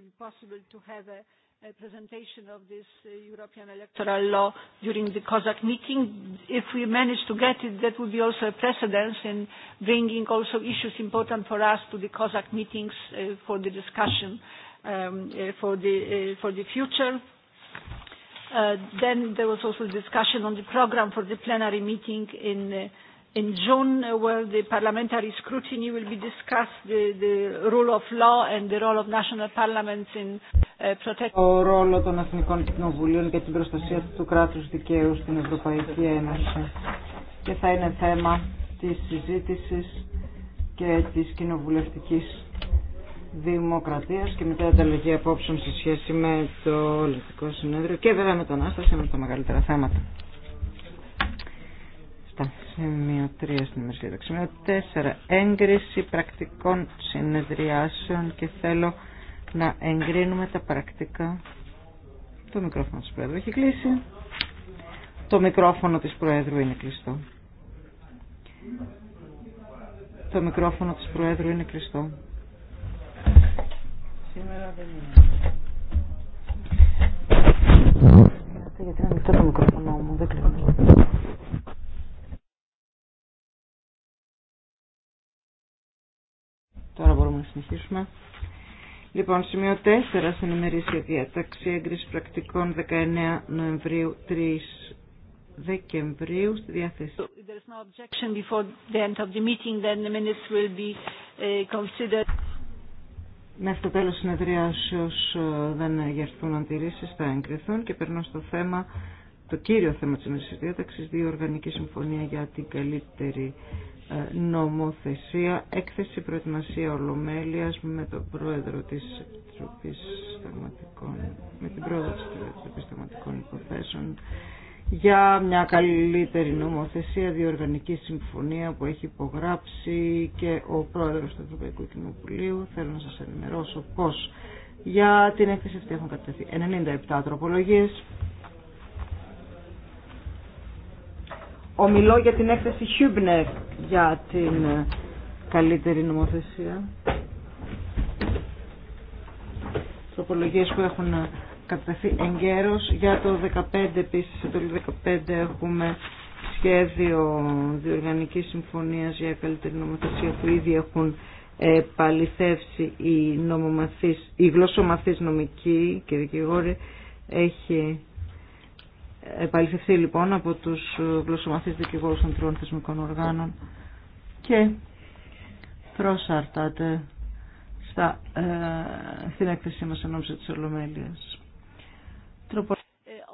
be possible to have a presentation of this European electoral law during the COSAC meeting. If we manage to get it, that would be also a precedence in bringing also issues important for us to the COSAC meetings for the discussion for the for the future. Then there was also discussion on the program for the plenary meeting in in June, uh, where the parliamentary scrutiny will be discussed, the, the rule of law and the role of national parliaments in uh, protecting... Ο ρόλο των Εθνικών Κοινοβουλίων για την προστασία του κράτους δικαίου στην Ευρωπαϊκή Ένωση. Και θα είναι θέμα της συζήτησης και της κοινοβουλευτικής δημοκρατίας και μετά ανταλλαγή απόψεων σε σχέση με το Ελληνικό Συνέδριο και βέβαια Άσταση με τα μεγαλύτερα θέματα μάλιστα. Σημείο 3 στην ημερησία Σημείο 4. Έγκριση πρακτικών συνεδριάσεων και θέλω να εγκρίνουμε τα πρακτικά. Το μικρόφωνο της Πρόεδρου έχει κλείσει. Το μικρόφωνο της Πρόεδρου είναι κλειστό. Το μικρόφωνο της Προέδρου είναι κλειστό. Σήμερα δεν είναι. Γιατί είναι το μικρόφωνο μου, δεν κλείνω. Τώρα μπορούμε να συνεχίσουμε. Λοιπόν, σημείο 4 στην ημερήσια διάταξη έγκριση πρακτικών 19 Νοεμβρίου 3 Δεκεμβρίου στη διάθεση. αυτό uh, το τέλος συνεδριάσεως ε, δεν γερθούν αντιρρήσεις, θα εγκριθούν και περνώ στο θέμα, το κύριο θέμα της ημερήσιας διάταξης, δύο οργανική συμφωνία για την καλύτερη νομοθεσία, έκθεση προετοιμασία ολομέλειας με τον πρόεδρο της Επιτροπής Θεματικών, με την πρόεδρο της Επιτροπής Θεματικών Υποθέσεων για μια καλύτερη νομοθεσία, διοργανική συμφωνία που έχει υπογράψει και ο πρόεδρος του Ευρωπαϊκού Κοινοβουλίου. Θέλω να σας ενημερώσω πως για την έκθεση αυτή έχουν κατευθεί 97 τροπολογίες. Ομιλώ για την έκθεση Χιούμπνερ για την ε, καλύτερη νομοθεσία. Τροπολογίες που έχουν ε, κατατεθεί εγκαίρως. Για το 15 επίσης, το 15 έχουμε σχέδιο διοργανικής συμφωνίας για καλύτερη νομοθεσία που ήδη έχουν παληθεύσει οι, νομομαθείς, οι γλωσσομαθείς νομικοί και δικηγόροι έχει επαληθευτεί λοιπόν από τους γλωσσομαθείς δικηγόρους των τριών θεσμικών οργάνων και προσαρτάται στα, ε, στην έκθεσή μας εν ώψη της Ολομέλειας.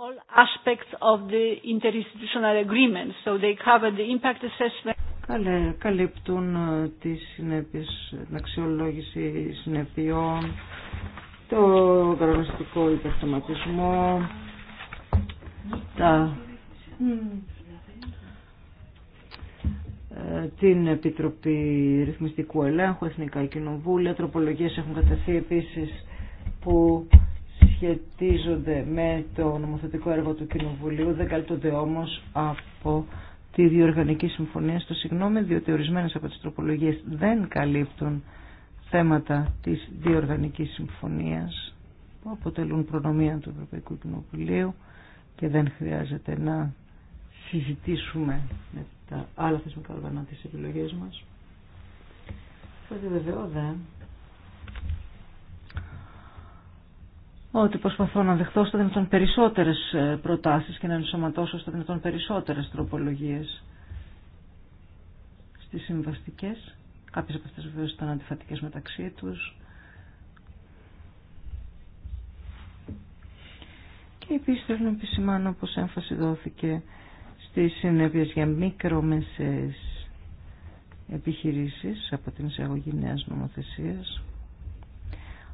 All aspects of the interinstitutional agreement, so they cover the impact assessment. Καλέ, καλύπτουν ε, τις συνέπειες, την αξιολόγηση συνεπειών, το κανονιστικό υπερθεματισμό, τα την Επιτροπή Ρυθμιστικού Ελέγχου, Εθνικά Κοινοβούλια. Τροπολογίες έχουν καταθεί επίσης που σχετίζονται με το νομοθετικό έργο του Κοινοβουλίου. Δεν καλύπτονται όμως από τη διοργανική συμφωνία στο συγγνώμη, διότι ορισμένε από τις τροπολογίες δεν καλύπτουν θέματα της διοργανικής συμφωνίας που αποτελούν προνομία του Ευρωπαϊκού Κοινοβουλίου και δεν χρειάζεται να συζητήσουμε τα άλλα θεσμικά όργανα τις επιλογές μας. Θα βεβαιώ δε ότι προσπαθώ να δεχθώ στα δυνατόν περισσότερες ε, προτάσεις και να ενσωματώσω στα δυνατόν περισσότερες τροπολογίες στις συμβαστικές. Κάποιες από αυτές βεβαίως ήταν αντιφατικές μεταξύ τους. Και επίσης θέλω να επισημάνω πως έμφαση δόθηκε τις συνέπειες για μικρομεσαίες επιχειρήσεις από την εισαγωγή νέας νομοθεσίας.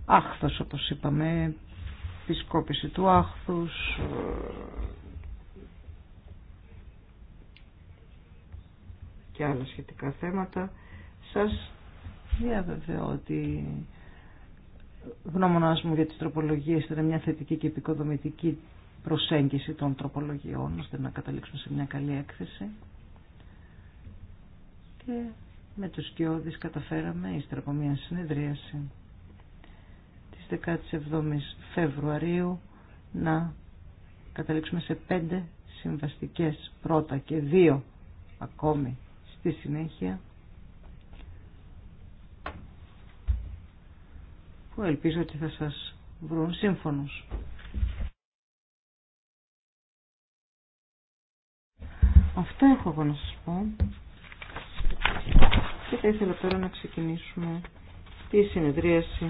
Άχθος, όπως είπαμε, επισκόπηση του άχθους, ε, και άλλα σχετικά θέματα. Σας διαβεβαιώ ότι γνώμονας μου για τις τροπολογίες ήταν μια θετική και επικοδομητική προσέγγιση των τροπολογιών ώστε να καταλήξουμε σε μια καλή έκθεση και με τους κοιόδης καταφέραμε ύστερα από μια συνεδρίαση της 17ης Φεβρουαρίου να καταλήξουμε σε πέντε συμβαστικές πρώτα και δύο ακόμη στη συνέχεια που ελπίζω ότι θα σας βρουν σύμφωνος. Αυτά έχω εγώ να σας πω. Και θα ήθελα τώρα να ξεκινήσουμε τη συνεδρίαση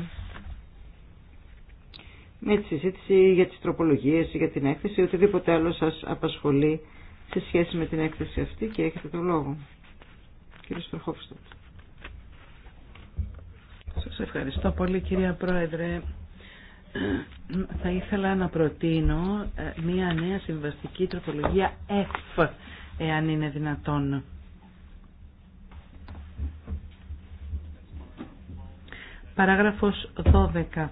με τη συζήτηση για τις τροπολογίες, για την έκθεση, οτιδήποτε άλλο σας απασχολεί σε σχέση με την έκθεση αυτή και έχετε το λόγο. Κύριε Στροχόφιστο. Σας ευχαριστώ πολύ κυρία Πρόεδρε. Θα ήθελα να προτείνω ε, μία νέα συμβαστική τροπολογία F εάν είναι δυνατόν. Παράγραφος 12.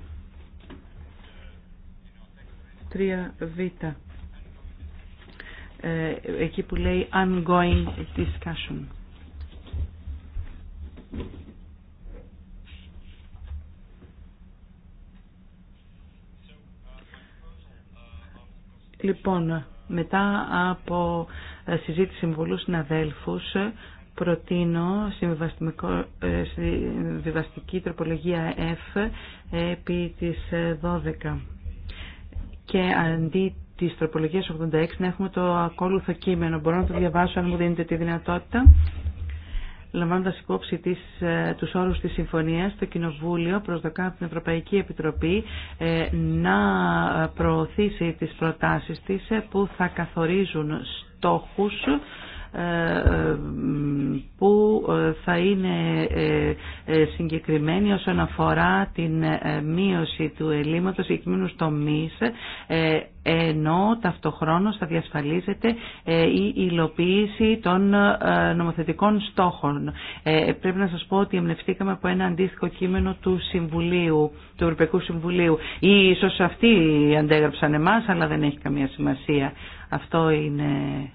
3β. Ε, εκεί που λέει ongoing discussion. Λοιπόν, μετά από συζήτηση με πολλούς συναδέλφους προτείνω ε, συμβιβαστική τροπολογία F επί της 12 ε, και αντί της τροπολογίας 86 να έχουμε το ακόλουθο κείμενο. Μπορώ να το διαβάσω αν μου δίνετε τη δυνατότητα. Λαμβάνοντα υπόψη τις, ε, τους όρους της συμφωνίας, το Κοινοβούλιο προσδοκά από την Ευρωπαϊκή Επιτροπή να προωθήσει τις προτάσεις της που θα καθορίζουν στόχους ε, ε, που ε, θα είναι συγκεκριμένοι όσον αφορά την μείωση του ελλείμματος στο τομείς ενώ ταυτοχρόνως θα διασφαλίζεται η υλοποίηση των νομοθετικών στόχων. Πρέπει να σας πω ότι εμπνευστήκαμε από ένα αντίστοιχο κείμενο του Συμβουλίου, του Ευρωπαϊκού Συμβουλίου. Ή ίσως αυτοί αντέγραψαν εμάς, αλλά δεν έχει καμία σημασία. Αυτό είναι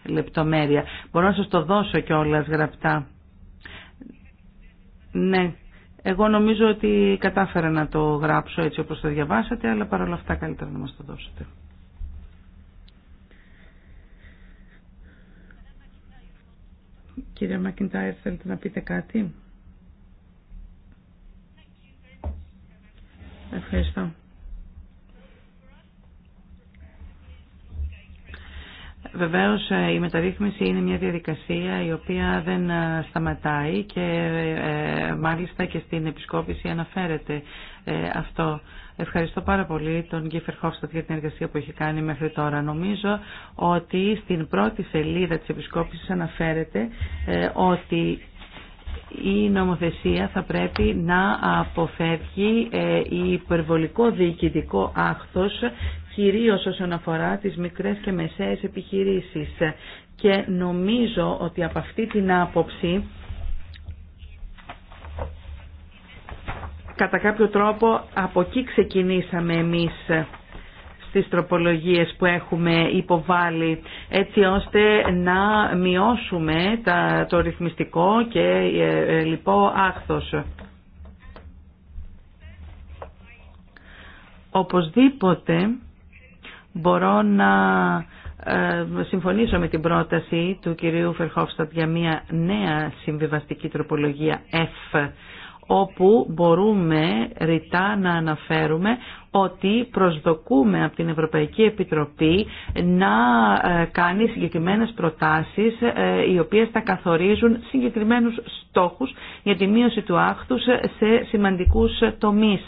λεπτομέρεια. Μπορώ να σας το δώσω κιόλα γραπτά. Ναι. Εγώ νομίζω ότι κατάφερα να το γράψω έτσι όπως το διαβάσατε, αλλά παρόλα αυτά καλύτερα να μας το δώσετε. Κύριε Μακιντάιρ, θέλετε να πείτε κάτι. Ευχαριστώ. Βεβαίως ε, η μεταρρύθμιση είναι μια διαδικασία η οποία δεν ε, σταματάει και ε, μάλιστα και στην επισκόπηση αναφέρεται αυτό. Ευχαριστώ πάρα πολύ τον Γκίφερ Χόφστατ για την εργασία που έχει κάνει μέχρι τώρα. Νομίζω ότι στην πρώτη σελίδα της επισκόπησης αναφέρεται ότι η νομοθεσία θα πρέπει να αποφεύγει υπερβολικό διοικητικό άχθος κυρίως όσον αφορά τις μικρές και μεσαίες επιχειρήσεις. Και νομίζω ότι από αυτή την άποψη κατά κάποιο τρόπο από εκεί ξεκινήσαμε εμείς στις τροπολογίες που έχουμε υποβάλει έτσι ώστε να μειώσουμε τα, το ρυθμιστικό και ε, ε, λοιπό άχθος. Οπωσδήποτε μπορώ να ε, συμφωνήσω με την πρόταση του κυρίου Φερχόφστατ για μια νέα συμβιβαστική τροπολογία F όπου μπορούμε ρητά να αναφέρουμε ότι προσδοκούμε από την Ευρωπαϊκή Επιτροπή να ε, κάνει συγκεκριμένες προτάσεις ε, οι οποίες θα καθορίζουν συγκεκριμένους στόχους για τη μείωση του άχθους σε σημαντικούς τομείς.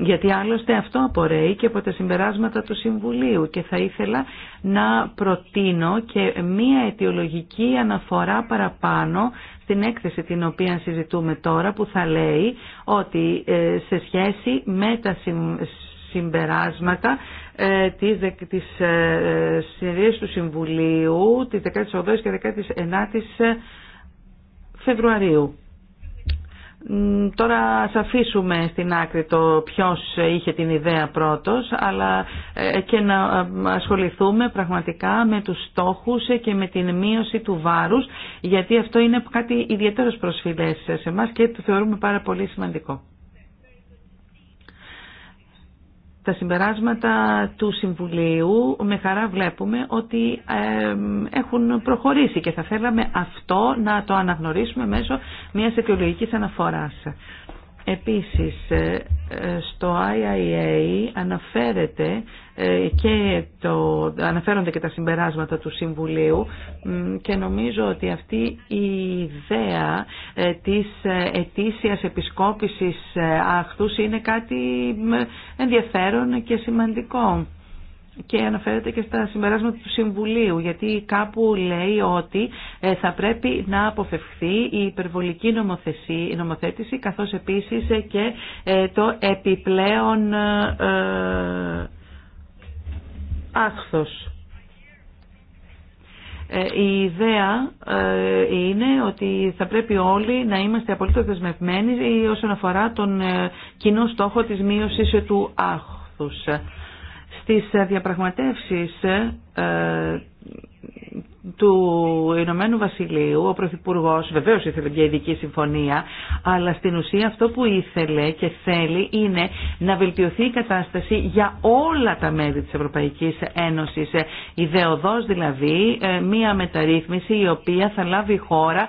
Γιατί άλλωστε αυτό απορρέει και από τα συμπεράσματα του Συμβουλίου και θα ήθελα να προτείνω και μία αιτιολογική αναφορά παραπάνω στην έκθεση την οποία συζητούμε τώρα που θα λέει ότι ε, σε σχέση με τα συμπεράσματα ε, της, της ε, συνεδρίας του Συμβουλίου της 18ης και 19ης Φεβρουαρίου Τώρα ας αφήσουμε στην άκρη το ποιος είχε την ιδέα πρώτος αλλά ε, και να ε, ασχοληθούμε πραγματικά με τους στόχους και με την μείωση του βάρους γιατί αυτό είναι κάτι ιδιαίτερος προσφυλές σε εμάς και το θεωρούμε πάρα πολύ σημαντικό. τα συμπεράσματα του Συμβουλίου με χαρά βλέπουμε ότι έχουν προχωρήσει και θα θέλαμε αυτό να το αναγνωρίσουμε μέσω μιας αιτιολογικής αναφοράς. Επίσης, ε, ε, στο IIA αναφέρεται ε, και το, αναφέρονται και τα συμπεράσματα του Συμβουλίου και νομίζω ότι αυτή η ιδέα της ετήσιας επισκόπησης άχθους είναι κάτι ενδιαφέρον και σημαντικό και αναφέρεται και στα συμπεράσματα του Συμβουλίου, γιατί κάπου λέει ότι ε, θα πρέπει να αποφευχθεί η υπερβολική νομοθεσία, νομοθέτηση, καθώς επίσης ε, και ε, το επιπλέον ε, άχθος. Η ιδέα είναι ότι θα πρέπει όλοι να είμαστε απολύτως δεσμευμένοι όσον αφορά τον κοινό στόχο της μείωσης του άχθους στις διαπραγματεύσεις ε, του Ηνωμένου Βασιλείου, ο Πρωθυπουργό βεβαίω ήθελε και ειδική συμφωνία, αλλά στην ουσία αυτό που ήθελε και θέλει είναι να βελτιωθεί η κατάσταση για όλα τα μέλη τη Ευρωπαϊκή Ένωση. Ιδεοδό ε, δηλαδή ε, μια μεταρρύθμιση η οποία θα λάβει χώρα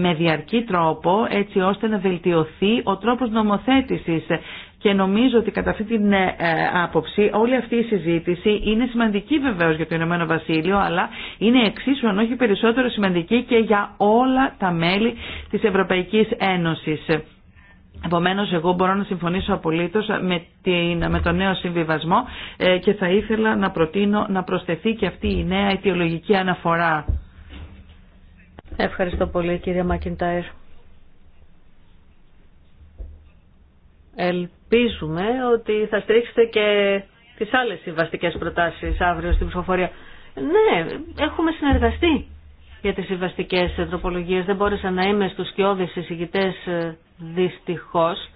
με διαρκή τρόπο έτσι ώστε να βελτιωθεί ο τρόπο νομοθέτηση και νομίζω ότι κατά αυτή την ε, ε, άποψη όλη αυτή η συζήτηση είναι σημαντική βεβαίω για το Ηνωμένο Βασίλειο, αλλά είναι εξίσου αν όχι περισσότερο σημαντική και για όλα τα μέλη της Ευρωπαϊκής Ένωσης. Επομένω, εγώ μπορώ να συμφωνήσω απολύτω με, με τον νέο συμβιβασμό ε, και θα ήθελα να προτείνω να προσθεθεί και αυτή η νέα αιτιολογική αναφορά. Ευχαριστώ πολύ, κύριε Μακιντάιρ. Ελπίζουμε ότι θα στρίξετε και τις άλλες συμβαστικές προτάσεις αύριο στην ψηφοφορία. Ναι, έχουμε συνεργαστεί για τις συμβαστικές τροπολογίες. Δεν μπόρεσα να είμαι στους σκιώδεις εισηγητές ε, δυστυχώς.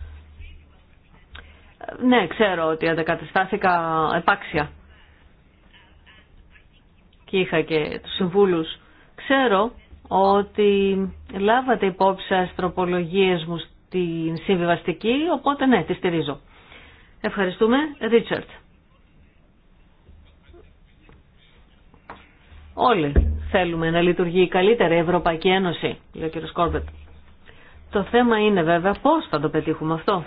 Ε, ναι, ξέρω ότι αντεκαταστάθηκα επάξια και είχα και τους συμβούλους. Ξέρω ότι λάβατε υπόψη σας μου την συμβιβαστική, οπότε ναι, τη στηρίζω. Ευχαριστούμε. Ρίτσαρτ. Όλοι θέλουμε να λειτουργεί η καλύτερη Ευρωπαϊκή Ένωση, λέει ο κ. Το θέμα είναι βέβαια πώς θα το πετύχουμε αυτό.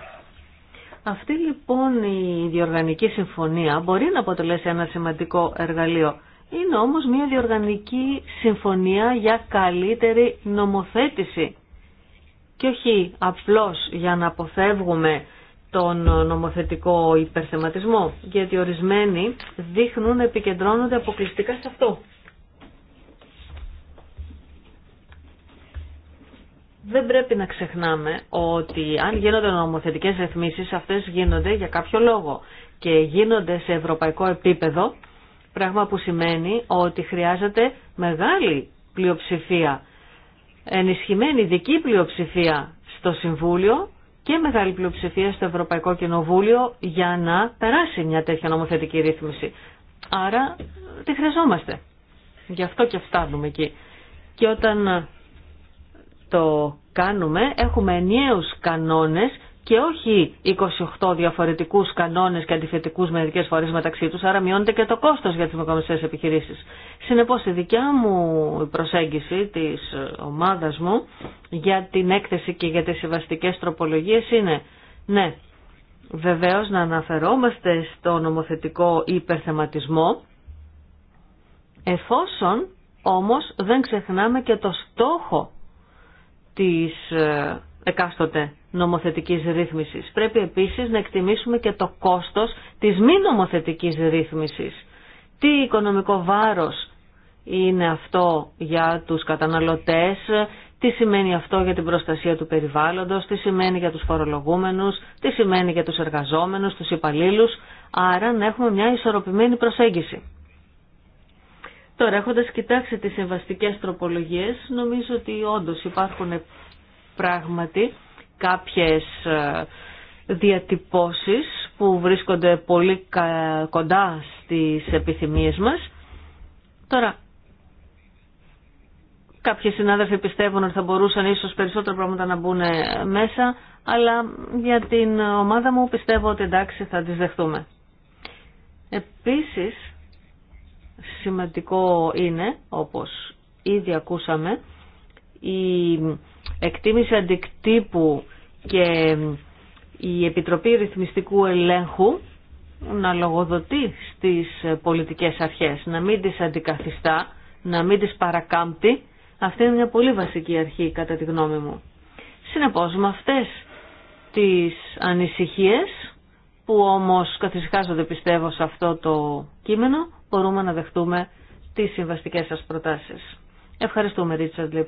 Αυτή λοιπόν η διοργανική συμφωνία μπορεί να αποτελέσει ένα σημαντικό εργαλείο. Είναι όμως μια διοργανική συμφωνία για καλύτερη νομοθέτηση και όχι απλώς για να αποφεύγουμε τον νομοθετικό υπερθεματισμό, γιατί ορισμένοι δείχνουν να επικεντρώνονται αποκλειστικά σε αυτό. Δεν πρέπει να ξεχνάμε ότι αν γίνονται νομοθετικές ρυθμίσεις, αυτές γίνονται για κάποιο λόγο και γίνονται σε ευρωπαϊκό επίπεδο, πράγμα που σημαίνει ότι χρειάζεται μεγάλη πλειοψηφία ενισχυμένη δική πλειοψηφία στο Συμβούλιο και μεγάλη πλειοψηφία στο Ευρωπαϊκό Κοινοβούλιο για να περάσει μια τέτοια νομοθετική ρύθμιση. Άρα τη χρειαζόμαστε. Γι' αυτό και φτάνουμε εκεί. Και όταν το κάνουμε έχουμε ενιαίους κανόνες και όχι 28 διαφορετικούς κανόνες και αντιθετικούς μερικές φορές μεταξύ τους, άρα μειώνεται και το κόστος για τις μικρομεσαίες επιχειρήσεις. Συνεπώς η δικιά μου προσέγγιση της ε, ομάδας μου για την έκθεση και για τις συμβαστικές τροπολογίες είναι ναι, βεβαίως να αναφερόμαστε στο νομοθετικό υπερθεματισμό εφόσον όμως δεν ξεχνάμε και το στόχο της ε, εκάστοτε νομοθετικής ρύθμισης. Πρέπει επίσης να εκτιμήσουμε και το κόστος της μη νομοθετικής ρύθμισης. Τι οικονομικό βάρος είναι αυτό για τους καταναλωτές, τι σημαίνει αυτό για την προστασία του περιβάλλοντος, τι σημαίνει για τους φορολογούμενους, τι σημαίνει για τους εργαζόμενους, τους υπαλλήλους, άρα να έχουμε μια ισορροπημένη προσέγγιση. Τώρα έχοντας κοιτάξει τις συμβαστικές τροπολογίες, νομίζω ότι όντως υπάρχουν πράγματι κάποιες ε, διατυπώσεις που βρίσκονται πολύ κοντά στις επιθυμίες μας. Τώρα, κάποιοι συνάδελφοι πιστεύουν ότι θα μπορούσαν ίσως περισσότερα πράγματα να μπουν ε, μέσα, αλλά για την ομάδα μου πιστεύω ότι εντάξει θα τις δεχτούμε. Επίσης, σημαντικό είναι, όπως ήδη ακούσαμε, η εκτίμηση αντικτύπου και η Επιτροπή Ρυθμιστικού Ελέγχου να λογοδοτεί στις πολιτικές αρχές, να μην τις αντικαθιστά, να μην τις παρακάμπτει. Αυτή είναι μια πολύ βασική αρχή κατά τη γνώμη μου. Συνεπώς με αυτές τις ανησυχίες που όμως καθησυχάζονται πιστεύω σε αυτό το κείμενο μπορούμε να δεχτούμε τις συμβαστικές σας προτάσεις. Ευχαριστούμε Ρίτσαρντ, λέει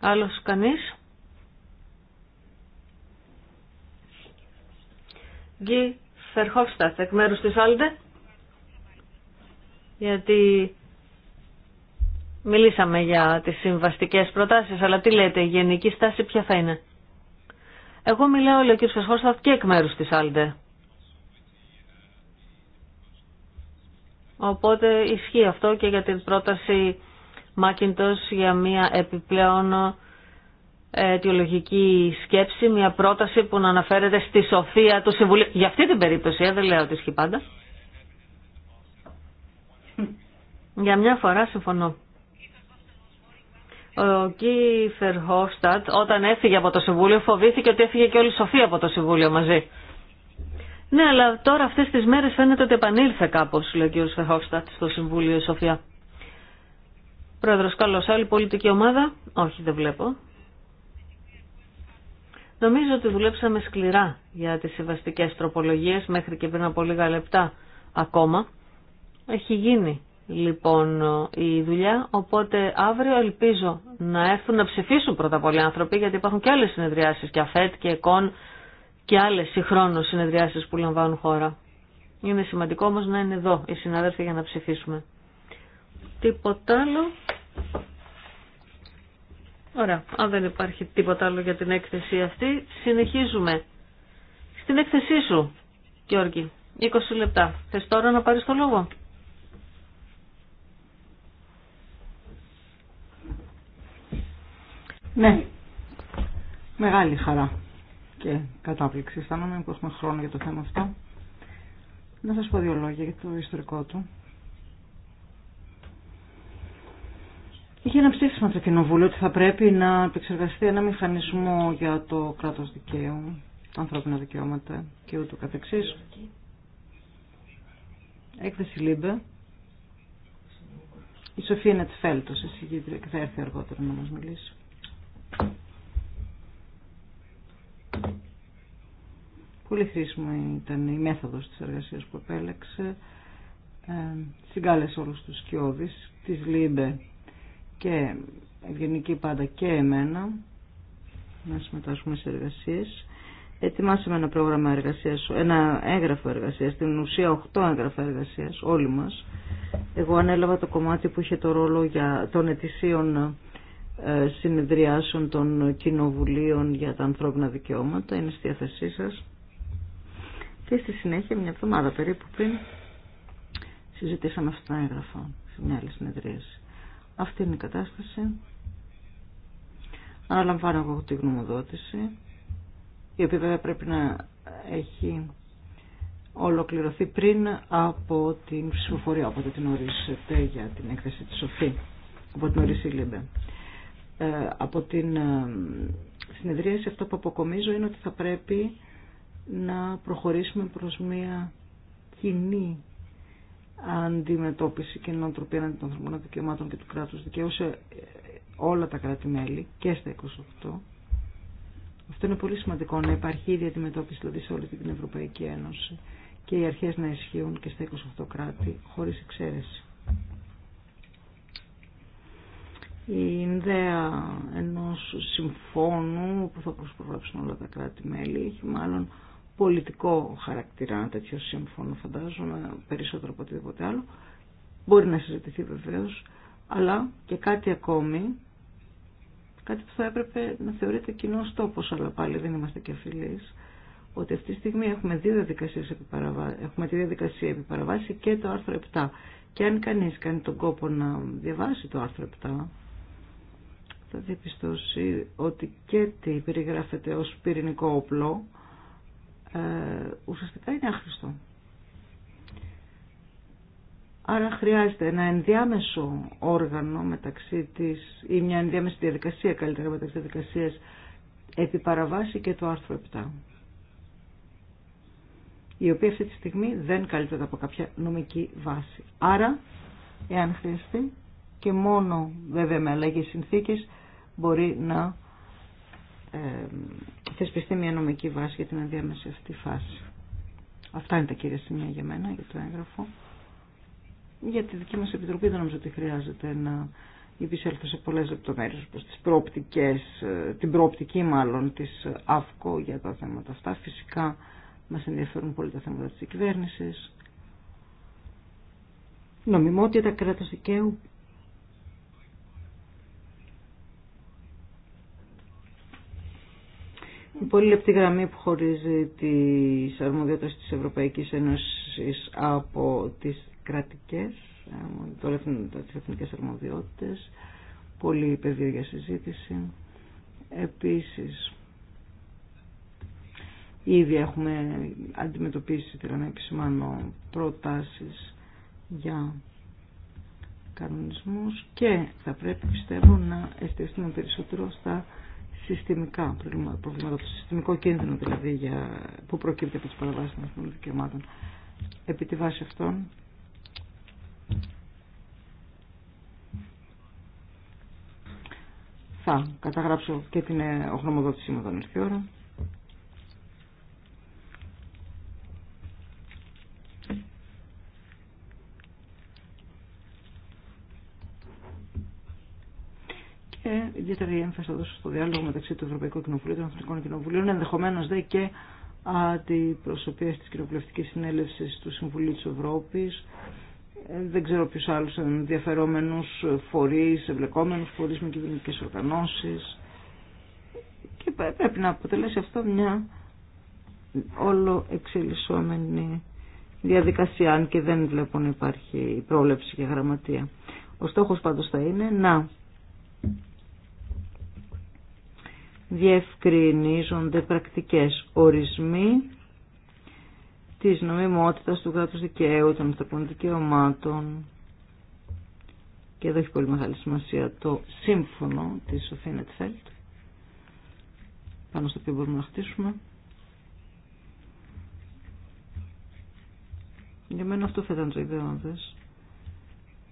Άλλος κανείς. Γκί Φερχόφσταθ, εκ μέρους της Άλντε. Γιατί μιλήσαμε για τις συμβαστικές προτάσεις, αλλά τι λέτε, η γενική στάση ποια θα είναι. Εγώ μιλάω, λέει ο κ. Φερχόφσταθ, και εκ μέρους της Άλντε. Οπότε ισχύει αυτό και για την πρόταση Μάκιντος για μια επιπλέον ε, αιτιολογική σκέψη, μια πρόταση που να αναφέρεται στη σοφία του Συμβουλίου. Για αυτή την περίπτωση, ε, δεν λέω ότι ισχύει πάντα. Για μια φορά συμφωνώ. Ο Κίφερ Χόφστατ όταν έφυγε από το Συμβούλιο φοβήθηκε ότι έφυγε και όλη η Σοφία από το Συμβούλιο μαζί. Ναι, αλλά τώρα αυτές τις μέρες φαίνεται ότι επανήλθε κάπως, λέει ο κ. Φερχόφστατ, στο Συμβούλιο η Σοφία. Πρόεδρος, καλώς. Άλλη πολιτική ομάδα. Όχι, δεν βλέπω. Νομίζω ότι δουλέψαμε σκληρά για τις συμβαστικές τροπολογίες μέχρι και πριν από λίγα λεπτά ακόμα. Έχει γίνει λοιπόν η δουλειά, οπότε αύριο ελπίζω να έρθουν να ψηφίσουν πρώτα πολλοί άνθρωποι, γιατί υπάρχουν και άλλες συνεδριάσεις, και ΑΦΕΤ και ΕΚΟΝ και άλλες συγχρόνως συνεδριάσεις που λαμβάνουν χώρα. Είναι σημαντικό όμως να είναι εδώ οι συνάδελφοι για να ψηφίσουμε. Τίποτα άλλο. Ωραία. Αν δεν υπάρχει τίποτα άλλο για την έκθεση αυτή, συνεχίζουμε. Στην έκθεσή σου, Γιώργη, 20 λεπτά. Θες τώρα να πάρεις το λόγο. Ναι. Μεγάλη χαρά και κατάπληξη αισθάνομαι που έχουμε χρόνο για το θέμα αυτό. Να σας πω δύο λόγια για το ιστορικό του. Υπάρχει ένα ψήφισμα από το Κοινοβούλιο ότι θα πρέπει να επεξεργαστεί ένα μηχανισμό για το κράτο δικαίου, τα ανθρώπινα δικαιώματα και ούτω καθεξής. Έκθεση ΛΥΜΠΕ. Η Σοφία Νετφέλτος, εσύ και θα έρθει αργότερα να μα μιλήσει. Πολύ χρήσιμο ήταν η μέθοδος της εργασίας που επέλεξε. Ε, συγκάλεσε όλους τους σκιώδεις, της ΛΥΜΠΕ και γενική πάντα και εμένα να συμμετάσχουμε σε εργασίες. Ετοιμάσαμε ένα πρόγραμμα εργασίας, ένα έγγραφο εργασίας, στην ουσία 8 έγγραφα εργασίας, όλοι μας. Εγώ ανέλαβα το κομμάτι που είχε το ρόλο για των ετησίων ε, συνεδριάσεων των κοινοβουλίων για τα ανθρώπινα δικαιώματα. Είναι στη διάθεσή σας. Και στη συνέχεια, μια εβδομάδα περίπου πριν, συζητήσαμε αυτά τα έγγραφα σε μια άλλη συνεδρίαση. Αυτή είναι η κατάσταση. Αναλαμβάνω εγώ τη γνωμοδότηση, η οποία βέβαια πρέπει να έχει ολοκληρωθεί πριν από την ψηφοφορία, από την ορίσετε για την έκθεση της Σοφή, από την ορίση λίμπε. Ε, από την ε, συνεδρίαση αυτό που αποκομίζω είναι ότι θα πρέπει να προχωρήσουμε προς μια κοινή αντιμετώπιση και νοοτροπία αντί των ανθρωπίνων δικαιωμάτων και του κράτους δικαίου ε, όλα τα κράτη-μέλη και στα 28. Αυτό είναι πολύ σημαντικό να υπάρχει ίδια αντιμετώπιση δηλαδή σε όλη την Ευρωπαϊκή Ένωση και οι αρχές να ισχύουν και στα 28 κράτη χωρίς εξαίρεση. Η ιδέα ενός συμφώνου που θα προσπρογράψουν όλα τα κράτη-μέλη έχει μάλλον πολιτικό χαρακτήρα ένα τέτοιο σύμφωνο φαντάζομαι περισσότερο από οτιδήποτε άλλο μπορεί να συζητηθεί βεβαίω, αλλά και κάτι ακόμη κάτι που θα έπρεπε να θεωρείται κοινό τόπο, αλλά πάλι δεν είμαστε και φιλεί, ότι αυτή τη στιγμή έχουμε, δύο διαδικασίες επί παραβά... έχουμε τη διαδικασία επί και το άρθρο 7. Και αν κανεί κάνει τον κόπο να διαβάσει το άρθρο 7, θα διαπιστώσει ότι και τι περιγράφεται ω πυρηνικό όπλο, ε, ουσιαστικά είναι άχρηστο. Άρα χρειάζεται ένα ενδιάμεσο όργανο μεταξύ της, ή μια ενδιάμεση διαδικασία καλύτερα μεταξύ διαδικασίας επί παραβάση και το άρθρο 7 η οποία αυτή τη στιγμή δεν καλύπτεται από κάποια νομική βάση. Άρα, εάν χρειαστεί και μόνο βέβαια με αλλαγή συνθήκες μπορεί να ε, θεσπιστεί μια νομική βάση για την ενδιάμεση αυτή φάση. Αυτά είναι τα κύρια σημεία για μένα, για το έγγραφο. Για τη δική μας επιτροπή δεν νομίζω ότι χρειάζεται να υπησέλθω σε πολλές λεπτομέρειες όπως τις προοπτικές, ε, την προοπτική μάλλον της ΑΦΚΟ για τα θέματα αυτά. Φυσικά μας ενδιαφέρουν πολύ τα θέματα της κυβέρνησης. Νομιμότητα κράτος δικαίου πολύ λεπτή γραμμή που χωρίζει τις αρμοδιότητες της Ευρωπαϊκής Ένωσης από τις κρατικές, τι εθνικές αρμοδιότητες, πολύ πεδίο για συζήτηση. Επίσης, ήδη έχουμε αντιμετωπίσει, θέλω να επισημάνω, προτάσεις για κανονισμούς και θα πρέπει πιστεύω να εστιαστούμε περισσότερο στα συστημικά προβλήματα, το συστημικό κίνδυνο δηλαδή για, που προκύπτει από τις παραβάσεις των δικαιωμάτων. Επί τη βάση αυτών, θα καταγράψω και την ε, ογνωμοδότησή μου όταν ήρθε θα θα δώσω στο διάλογο μεταξύ του Ευρωπαϊκού Κοινοβουλίου και των Εθνικών Κοινοβουλίων, ενδεχομένω δε και αντιπροσωπεία τη κοινοβουλευτική συνέλευση του Συμβουλίου τη Ευρώπη. Ε, δεν ξέρω ποιου άλλου ενδιαφερόμενου φορεί, εμπλεκόμενου φορεί με κυβερνητικέ οργανώσει. Και πρέπει να αποτελέσει αυτό μια όλο εξελισσόμενη διαδικασία, αν και δεν βλέπω να υπάρχει η για γραμματεία. Ο στόχος πάντως θα είναι να διευκρινίζονται πρακτικές ορισμοί της νομιμότητας του κράτους δικαίου, των ανθρωπίνων δικαιωμάτων και εδώ έχει πολύ μεγάλη σημασία το σύμφωνο της Σοφίνετ Φέλτ πάνω στο οποίο μπορούμε να χτίσουμε. Για μένα αυτό θα ήταν το ιδεώδες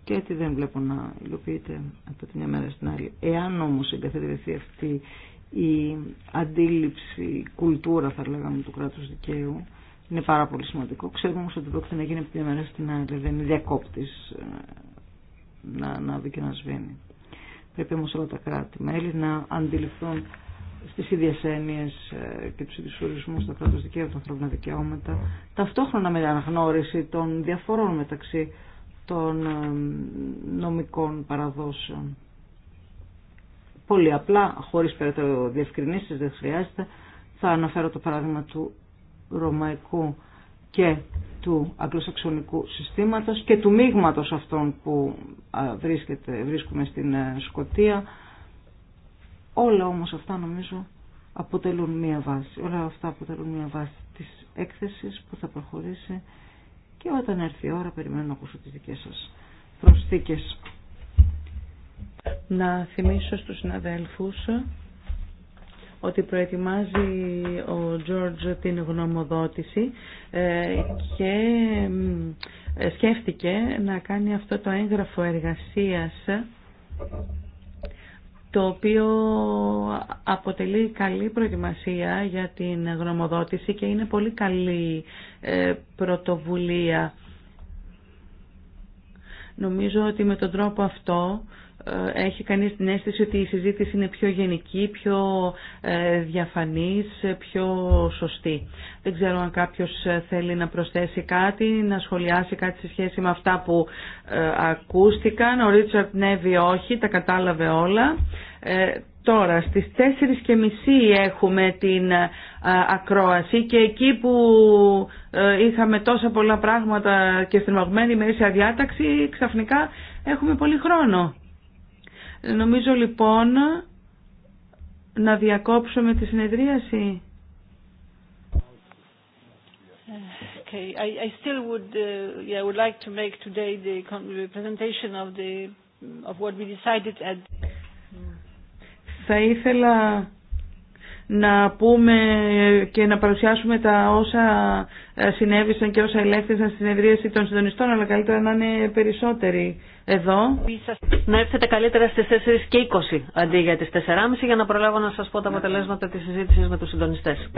και τι δεν βλέπω να υλοποιείται από την μια μέρα στην άλλη. Εάν όμως εγκαθιδρυθεί αυτή η αντίληψη, η κουλτούρα θα λέγαμε του κράτους δικαίου είναι πάρα πολύ σημαντικό. Ξέρουμε όμως ότι πρόκειται να γίνει από τη μέρα στην άλλη, δεν είναι διακόπτης ε, να, να δει και να σβήνει. Πρέπει όμως όλα τα κράτη-μέλη να αντιληφθούν στις ίδιες έννοιες ε, και του ίδιους ορισμούς τα κράτο δικαίου, τα ανθρώπινα δικαιώματα, ταυτόχρονα με αναγνώριση των διαφορών μεταξύ των ε, νομικών παραδόσεων πολύ απλά, χωρίς περαιτέρω διευκρινήσεις, δεν χρειάζεται, θα αναφέρω το παράδειγμα του ρωμαϊκού και του αγγλοσαξονικού συστήματος και του μείγματο αυτών που βρίσκεται, βρίσκουμε στην ε, Σκοτία. Όλα όμως αυτά νομίζω αποτελούν μία βάση. Όλα αυτά αποτελούν μία βάση της έκθεσης που θα προχωρήσει και όταν έρθει η ώρα περιμένω να ακούσω τις δικές σας προσθήκες. Να θυμίσω στους συναδέλφους ότι προετοιμάζει ο Τζόρτζ την γνωμοδότηση ε, και ε, σκέφτηκε να κάνει αυτό το έγγραφο εργασίας το οποίο αποτελεί καλή προετοιμασία για την γνωμοδότηση και είναι πολύ καλή ε, πρωτοβουλία. Νομίζω ότι με τον τρόπο αυτό ε, έχει κανείς την αίσθηση ότι η συζήτηση είναι πιο γενική, πιο ε, διαφανής, πιο σωστή. Δεν ξέρω αν κάποιος ε, θέλει να προσθέσει κάτι, να σχολιάσει κάτι σε σχέση με αυτά που ακούστηκαν. Ο Ρίτσαρτ Νέβη όχι, τα κατάλαβε όλα. Τώρα, στις 4.30 έχουμε την ακρόαση και εκεί που είχαμε τόσα πολλά πράγματα και στην με μέση αδιάταξη, ξαφνικά έχουμε πολύ χρόνο. Νομίζω λοιπόν να διακόψουμε τη συνεδρίαση. Okay, I, I still would, uh, yeah, would like to make today the presentation of the of what we decided at. Θα ήθελα να πούμε και να παρουσιάσουμε τα όσα ε, συνέβησαν και όσα ελέγχθησαν στην συνεδρίαση των συντονιστών, αλλά καλύτερα να είναι περισσότεροι εδώ να έρθετε καλύτερα στι 4 και 20 αντί για τι 4.30 για να προλάβω να σα πω τα αποτελέσματα τη συζήτηση με του συντονιστέ.